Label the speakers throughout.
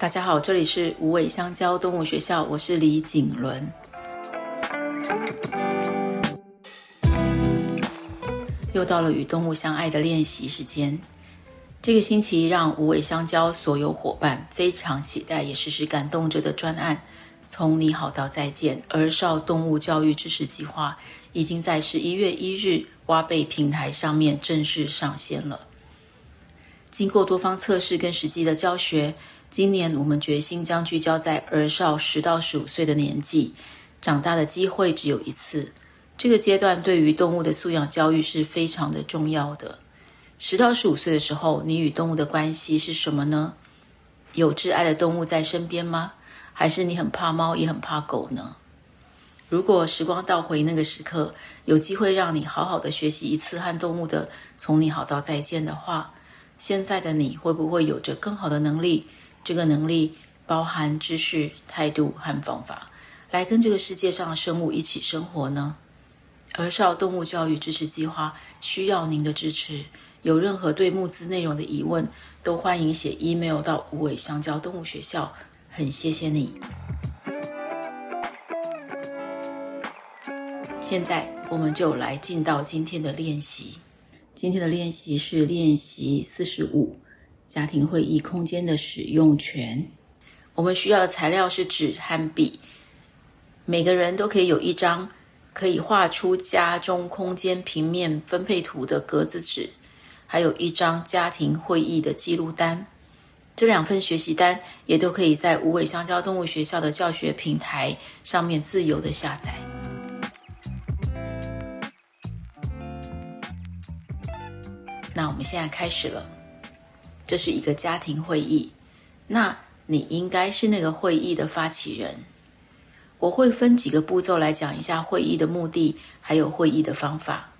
Speaker 1: 大家好，這裡是無尾香蕉動物學校，我是李瑾倫。又到了與動物相愛的練習時間。這個星期讓無尾香蕉所有夥伴非常期待，也時時感動着的專案——從你好到再見兒少動物教育支持計畫，已經在十一月一日挖貝平台上面正式上線了。經過多方測試跟實際的教學。今年我們決心將聚焦在兒少十到十五歲的年紀，長大的機會只有一次。這個階段對於動物的素養教育是非常的重要的。十到十五歲的時候，你與動物的關係是什麼呢？有摯愛的動物在身邊嗎？還是你很怕貓也很怕狗呢？如果時光倒回那個時刻，有機會讓你好好的學習一次和動物的從你好到再見的話，現在的你會不會有着更好的能力？這個能力包含知識、態度和方法，來跟這個世界上的生物一起生活呢。兒少動物教育支持計劃需要您的支持。有任何對募資內容的疑問，都歡迎寫 email 到無尾香蕉動物學校。很謝謝你。現在我們就來進到今天的練習。今天的練習是練習四十五。家庭會議，空間的使用權，我們需要的材料是紙和筆。每個人都可以有一張可以畫出家中空間平面分配圖的格子紙，還有一張家庭會議的記錄單。這兩份學習單也都可以在無尾香蕉動物學校的教學平台上面自由的下載。那我們現在開始了。這是一個家庭會議，那你應該是那個會議的發起人。我會分幾個步驟來講一下會議的目的，還有會議的方法。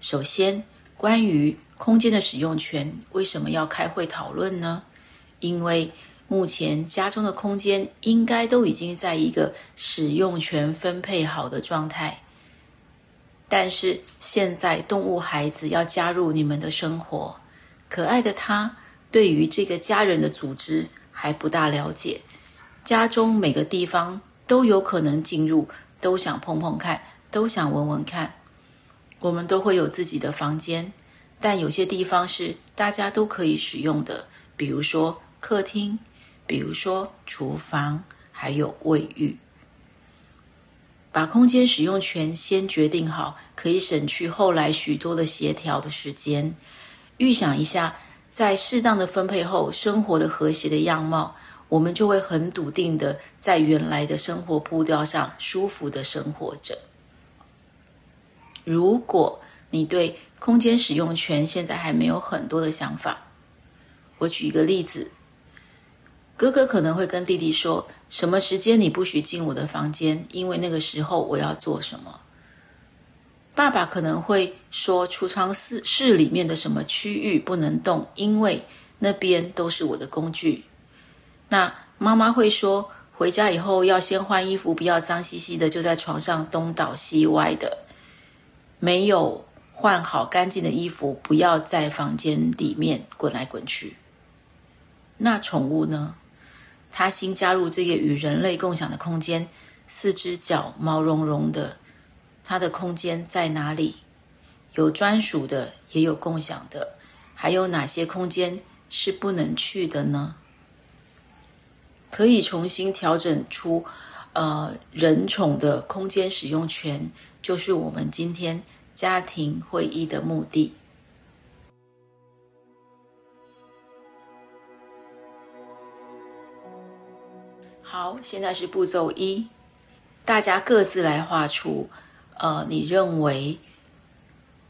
Speaker 1: 首先，關於空間的使用權，為什麼要開會討論呢？因為目前家中的空間應該都已經在一個使用權分配好的狀態，但是現在動物孩子要加入你們的生活，可愛的它。對於這個家人的組織還不大了解，家中每個地方都有可能進入，都想碰碰看，都想聞聞看。我們都會有自己的房間，但有些地方是大家都可以使用的，比如說客廳，比如說廚房，還有衛浴。把空間使用權先決定好，可以省去後來許多的協調的時間。預想一下。在適當的分配後，生活的和諧的樣貌，我們就會很篤定的在原來的生活步調上舒服的生活着。如果你對空間使用權現在還沒有很多的想法，我舉一個例子，哥哥可能會跟弟弟說：“什麼時間你不許進我的房間，因為那個時候我要做什麼。”爸爸可能會說：“儲藏室室裡面的什麼區域不能動，因為那邊都是我的工具。”那媽媽會說：“回家以後要先換衣服，不要髒兮兮的，就在床上東倒西歪的。沒有換好乾淨的衣服，不要在房間裡面滾來滾去。”那寵物呢？它新加入這個與人類共享的空間，四只腳毛茸茸的。它的空間在哪裡？有專屬的，也有共享的，還有哪些空間是不能去的呢？可以重新調整出，呃，人寵的空間使用權，就是我們今天家庭會議的目的。好，現在是步驟一，大家各自來畫出。呃，你認為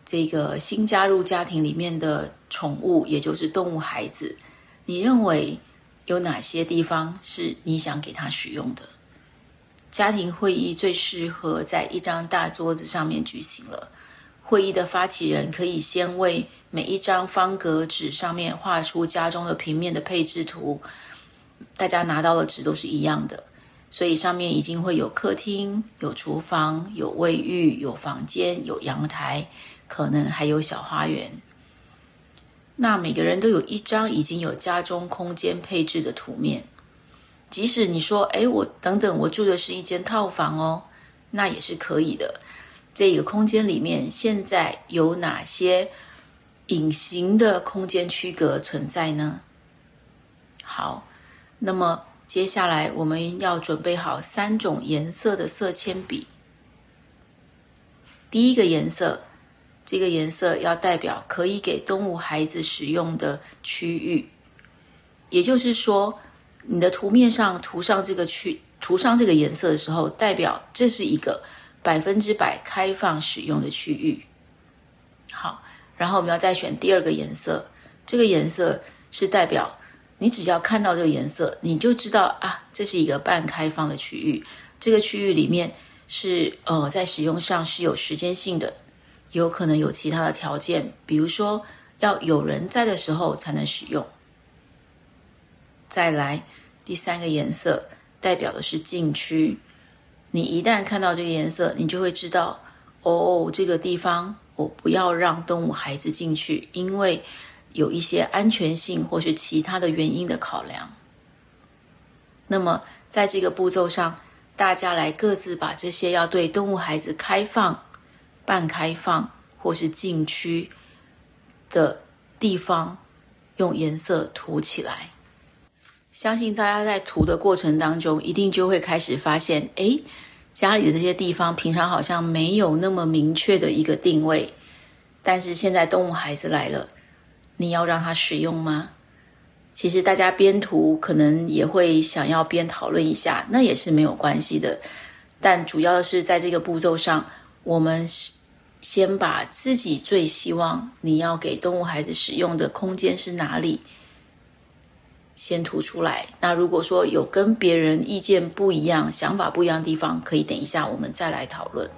Speaker 1: 這個新加入家庭裡面的寵物，也就是動物孩子，你認為有哪些地方是你想給他使用的？家庭會議最適合在一張大桌子上面舉行了。會議的發起人可以先為每一張方格紙上面畫出家中的平面的配置圖，大家拿到的紙都是一樣的。所以上面已經會有客廳、有廚房、有衛浴、有房間、有陽台，可能還有小花園。那每個人都有一張已經有家中空間配置的圖面，即使你說：“誒、哎、我等等，我住的是一間套房哦，那也是可以的。”這個空間裡面現在有哪些隱形的空間區隔存在呢？好，那麼。接下來我們要準備好三種顏色的色鉛筆。第一個顏色，這個顏色要代表可以給動物孩子使用的區域，也就是說，你的圖面上塗上這個區塗上這個顏色的時候，代表這是一個百分之百開放使用的區域。好，然後我們要再選第二個顏色，這個顏色是代表。你只要看到這個顏色，你就知道啊，這是一個半開放的區域。這個區域裡面是呃，在使用上是有時間性的，有可能有其他的條件，比如說要有人在的時候才能使用。再來，第三個顏色代表的是禁區。你一旦看到這個顏色，你就會知道哦，這個地方我不要讓動物孩子進去，因為。有一些安全性或是其他的原因的考量。那麼，在這個步驟上，大家來各自把這些要對動物孩子開放、半開放或是禁區的地方，用顏色塗起來。相信大家在塗的過程當中，一定就會開始發現，哎，家裡的這些地方平常好像沒有那麼明確的一個定位，但是現在動物孩子來了。你要讓他使用嗎？其實大家邊塗可能也會想要邊討論一下，那也是沒有關係的。但主要的是在這個步驟上，我們先把自己最希望你要給動物孩子使用的空間是哪裡，先塗出來。那如果說有跟別人意見不一樣、想法不一樣的地方，可以等一下我們再來討論。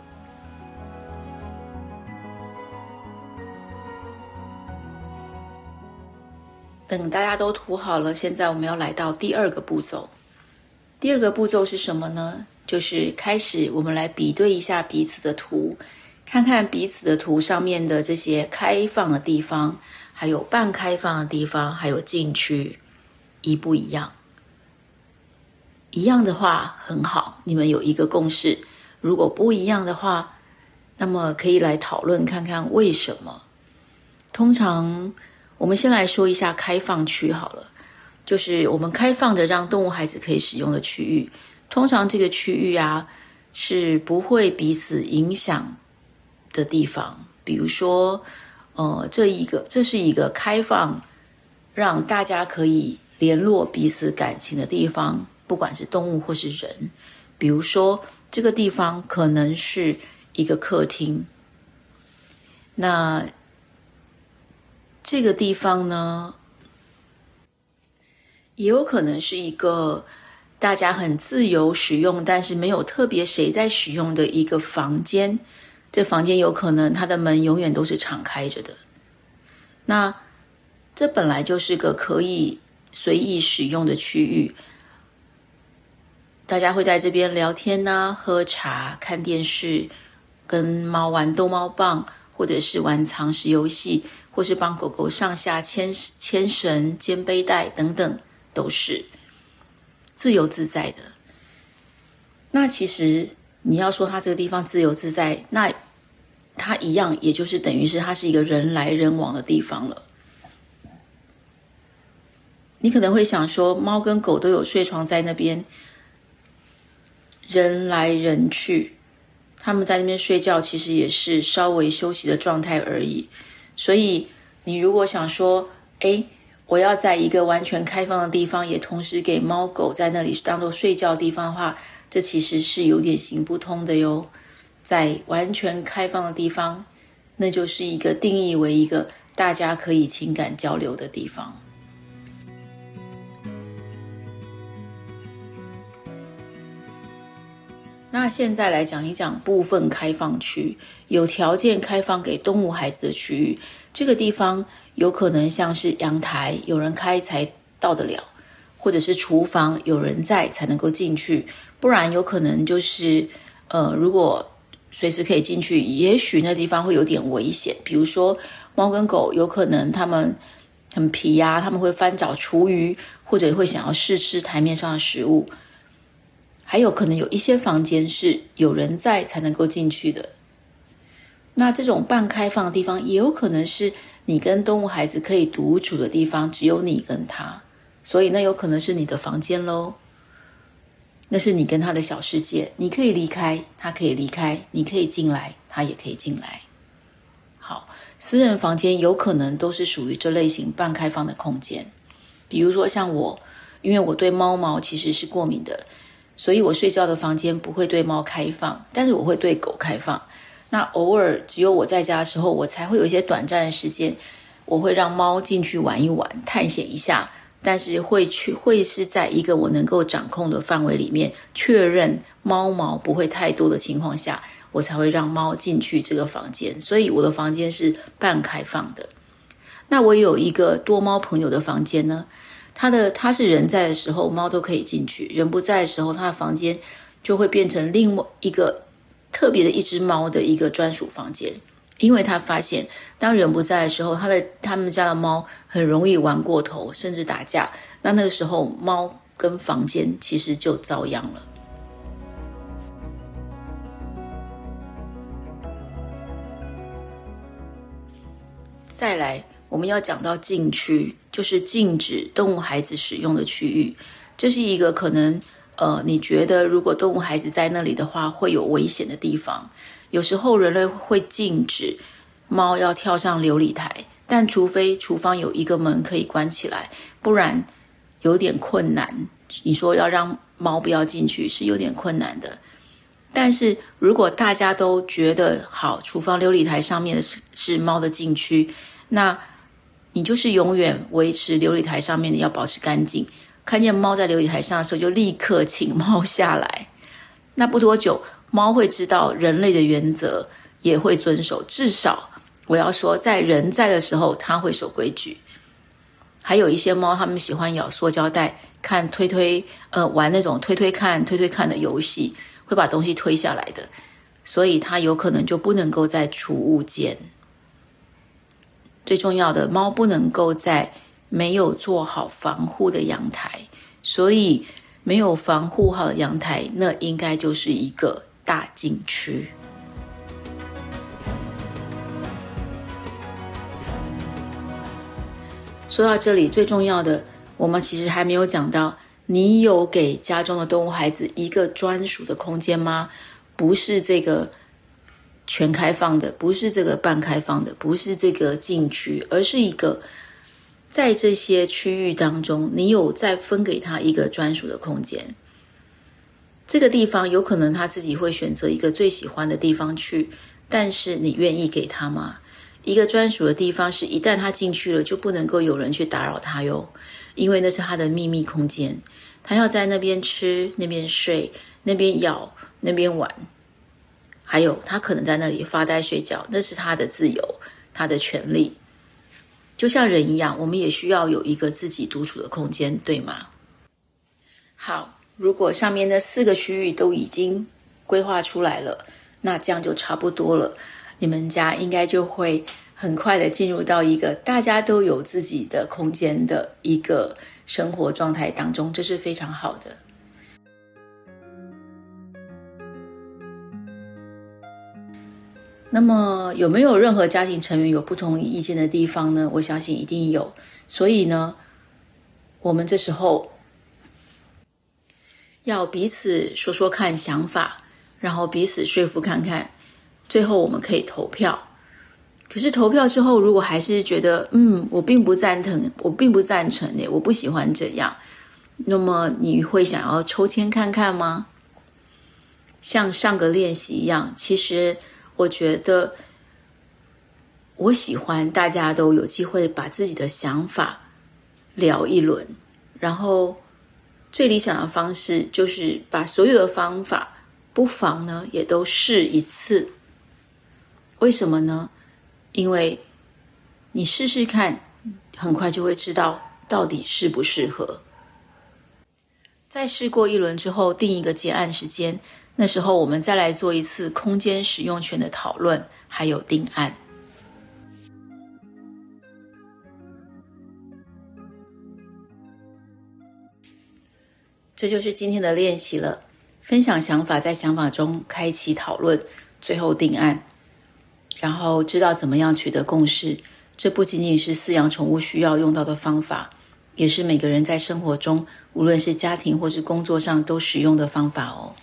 Speaker 1: 等大家都塗好了，現在我們要來到第二個步驟。第二個步驟是什麼呢？就是開始，我們來比對一下彼此的圖，看看彼此的圖上面的這些開放的地方，還有半開放的地方，還有禁區，一不一樣？一樣的話很好，你們有一個共識；如果不一樣的話，那麼可以來討論看看為什麼。通常。我們先來說一下開放區好了，就是我們開放的讓動物孩子可以使用的區域。通常這個區域啊，是不會彼此影響的地方。比如說，呃，這一個，這是一個開放讓大家可以聯絡彼此感情的地方，不管是動物或是人。比如說，這個地方可能是一個客廳。那。這個地方呢，也有可能是一個大家很自由使用，但是沒有特別誰在使用的一個房間。這房間有可能它的門永遠都是敞開着的。那這本來就是個可以隨意使用的區域，大家會在這邊聊天呢、啊，喝茶、看電視、跟貓玩逗貓棒，或者是玩藏食遊戲。或是幫狗狗上下牽牽繩、肩背帶等等，都是自由自在的。那其實你要說它這個地方自由自在，那它一樣，也就是等於是它是一個人來人往的地方了。你可能會想說，貓跟狗都有睡床在那邊，人來人去，牠們在那邊睡覺，其實也是稍微休息的狀態而已。所以，你如果想說，哎，我要在一個完全開放的地方，也同時給貓狗在那裡當做睡覺的地方的話，這其實是有點行不通的喲。在完全開放的地方，那就是一個定義為一個大家可以情感交流的地方。那現在來講一講部分開放區，有條件開放給動物孩子的區域，這個地方有可能像是陽台，有人開才到得了，或者是廚房有人在才能夠進去，不然有可能就是，呃，如果隨時可以進去，也許那地方會有點危險，比如說貓跟狗有可能它們很皮呀，他們會翻找廚餘，或者會想要試吃台面上的食物。還有可能有一些房間是有人在才能夠進去的。那這種半開放的地方，也有可能是你跟動物孩子可以獨處的地方，只有你跟他。所以那有可能是你的房間嘍。那是你跟他的小世界，你可以離開，他可以離開，你可以進來，他也可以進來。好，私人房間有可能都是屬於這類型半開放的空間，比如說像我，因為我對貓毛其實是過敏的。所以，我睡覺的房間不會對貓開放，但是我會對狗開放。那偶爾只有我在家的時候，我才會有一些短暫的時間，我會讓貓進去玩一玩、探險一下。但是會去會是在一個我能夠掌控的範圍裡面，確認貓毛不會太多的情況下，我才會讓貓進去這個房間。所以，我的房間是半開放的。那我有一個多貓朋友的房間呢？它的，它是人在的時候，貓都可以進去；人不在的時候，它的房間就會變成另外一個特別的一隻貓的一個專屬房間。因為他發現，當人不在的時候，他的他們家的貓很容易玩過頭，甚至打架。那那個時候，貓跟房間其實就遭殃了。再來。我們要講到禁區，就是禁止動物孩子使用的區域。這是一個可能，呃，你覺得如果動物孩子在那裡的話，會有危險的地方。有時候人類會禁止貓要跳上流理台，但除非廚房有一個門可以關起來，不然有點困難。你說要讓貓不要進去是有點困難的。但是如果大家都覺得好，廚房流理台上面的是是貓的禁區，那。你就是永遠維持流理台上面的要保持乾淨，看見貓在流理台上的時候就立刻請貓下來。那不多久，貓會知道人類的原則也會遵守，至少我要說，在人在的時候它會守規矩。還有一些貓，它們喜歡咬塑膠袋，看推推，呃，玩那種推推看、推推看的遊戲，會把東西推下來的，所以它有可能就不能夠在儲物間。最重要的貓不能夠在沒有做好防護的陽台，所以沒有防護好的陽台，那應該就是一個大禁區。說到這裡，最重要的，我們其實還沒有講到，你有給家中的動物孩子一個專屬的空間嗎？不是這個。全開放的，不是這個半開放的，不是這個禁區，而是一個在這些區域當中，你有再分給他一個專屬的空間。這個地方有可能他自己會選擇一個最喜歡的地方去，但是你願意給他嗎？一個專屬的地方是一旦他進去了，就不能夠有人去打擾他喲，因為那是他的秘密空間。他要在那邊吃，那邊睡，那邊咬，那邊玩。還有，他可能在那裡發呆睡覺，那是他的自由，他的權利，就像人一樣，我們也需要有一個自己獨處的空間，對嗎？好，如果上面的四個區域都已經規劃出來了，那這樣就差不多了。你們家應該就會很快的進入到一個大家都有自己的空間的一個生活狀態當中，這是非常好的。那麼有沒有任何家庭成員有不同意見的地方呢？我相信一定有，所以呢，我們這時候要彼此說說看想法，然後彼此說服看看，最後我們可以投票。可是投票之後，如果還是覺得嗯，我並不贊同，我並不贊成，誒我不喜歡這樣，那麼你會想要抽籤看看嗎？像上個練習一樣，其實。我覺得我喜歡大家都有機會把自己的想法聊一輪，然後最理想的方式就是把所有的方法不妨呢也都試一次。為什麼呢？因為你試試看，很快就會知道到底適不適合。在試過一輪之後，定一個結案時間。那時候我們再來做一次空間使用權的討論，還有定案。這就是今天的練習了，分享想法，在想法中開啟討論，最後定案，然後知道怎麼樣取得共識。這不僅僅是飼養寵物需要用到的方法，也是每個人在生活中，無論是家庭或是工作上都使用的方法哦。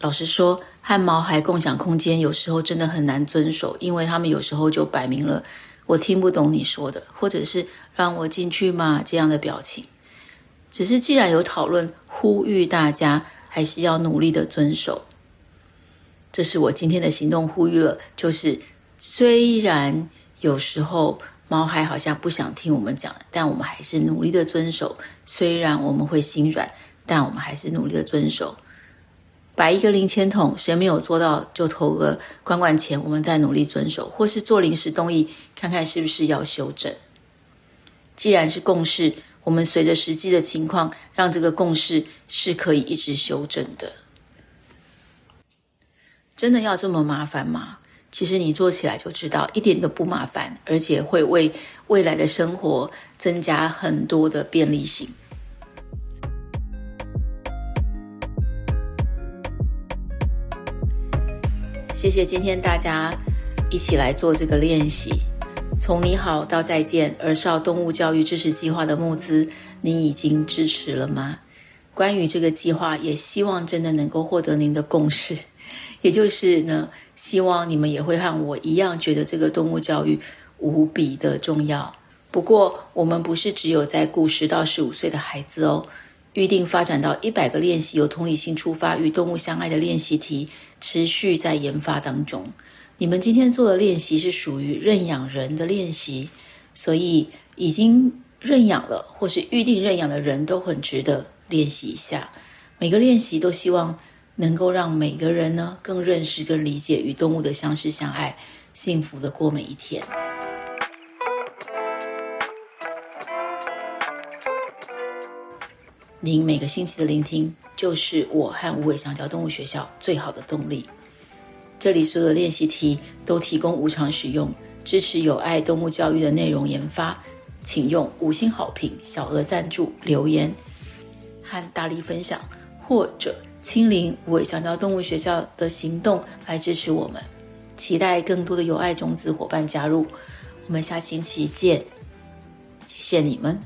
Speaker 1: 老實說，和毛孩共享空間有時候真的很難遵守，因為他們有時候就擺明了“我聽不懂你說的”或者是“讓我進去嘛”這樣的表情。只是既然有討論，呼籲大家還是要努力的遵守。這是我今天的行動呼籲了，就是雖然有時候毛孩好像不想聽我們講，但我們還是努力的遵守。雖然我們會心軟，但我們還是努力的遵守。擺一個零錢筒，誰沒有做到就投個罐罐錢，我們再努力遵守，或是做臨時動議，看看是不是要修正。既然是共識，我們隨着實際的情況，讓這個共識是可以一直修正的。真的要這麼麻煩嗎？其實你做起來就知道，一點都不麻煩，而且會為未來的生活增加很多的便利性。謝謝今天大家一起來做這個練習。從你好到再見，兒少動物教育支持計劃的募資，你已經支持了嗎？關於這個計劃，也希望真的能夠獲得您的共識，也就是呢，希望你們也會和我一樣覺得這個動物教育無比的重要。不過，我們不是只有在顧十到十五歲的孩子哦。預定發展到一百個練習，由同理心出發與動物相愛的練習題，持續在研發當中。你們今天做的練習是屬於認養人的練習，所以已經認養了或是預定認養的人都很值得練習一下。每個練習都希望能夠讓每個人呢更認識跟理解與動物的相識相愛，幸福地過每一天。您每個星期的聆聽，就是我和無尾香蕉動物學校最好的動力。這裡所有的練習題都提供無償使用，支持友愛動物教育的內容研發。請用五星好評、小額贊助、留言和大力分享，或者親臨無尾香蕉動物學校的行動來支持我們。期待更多的友愛種子夥伴加入。我們下星期見，謝謝你們。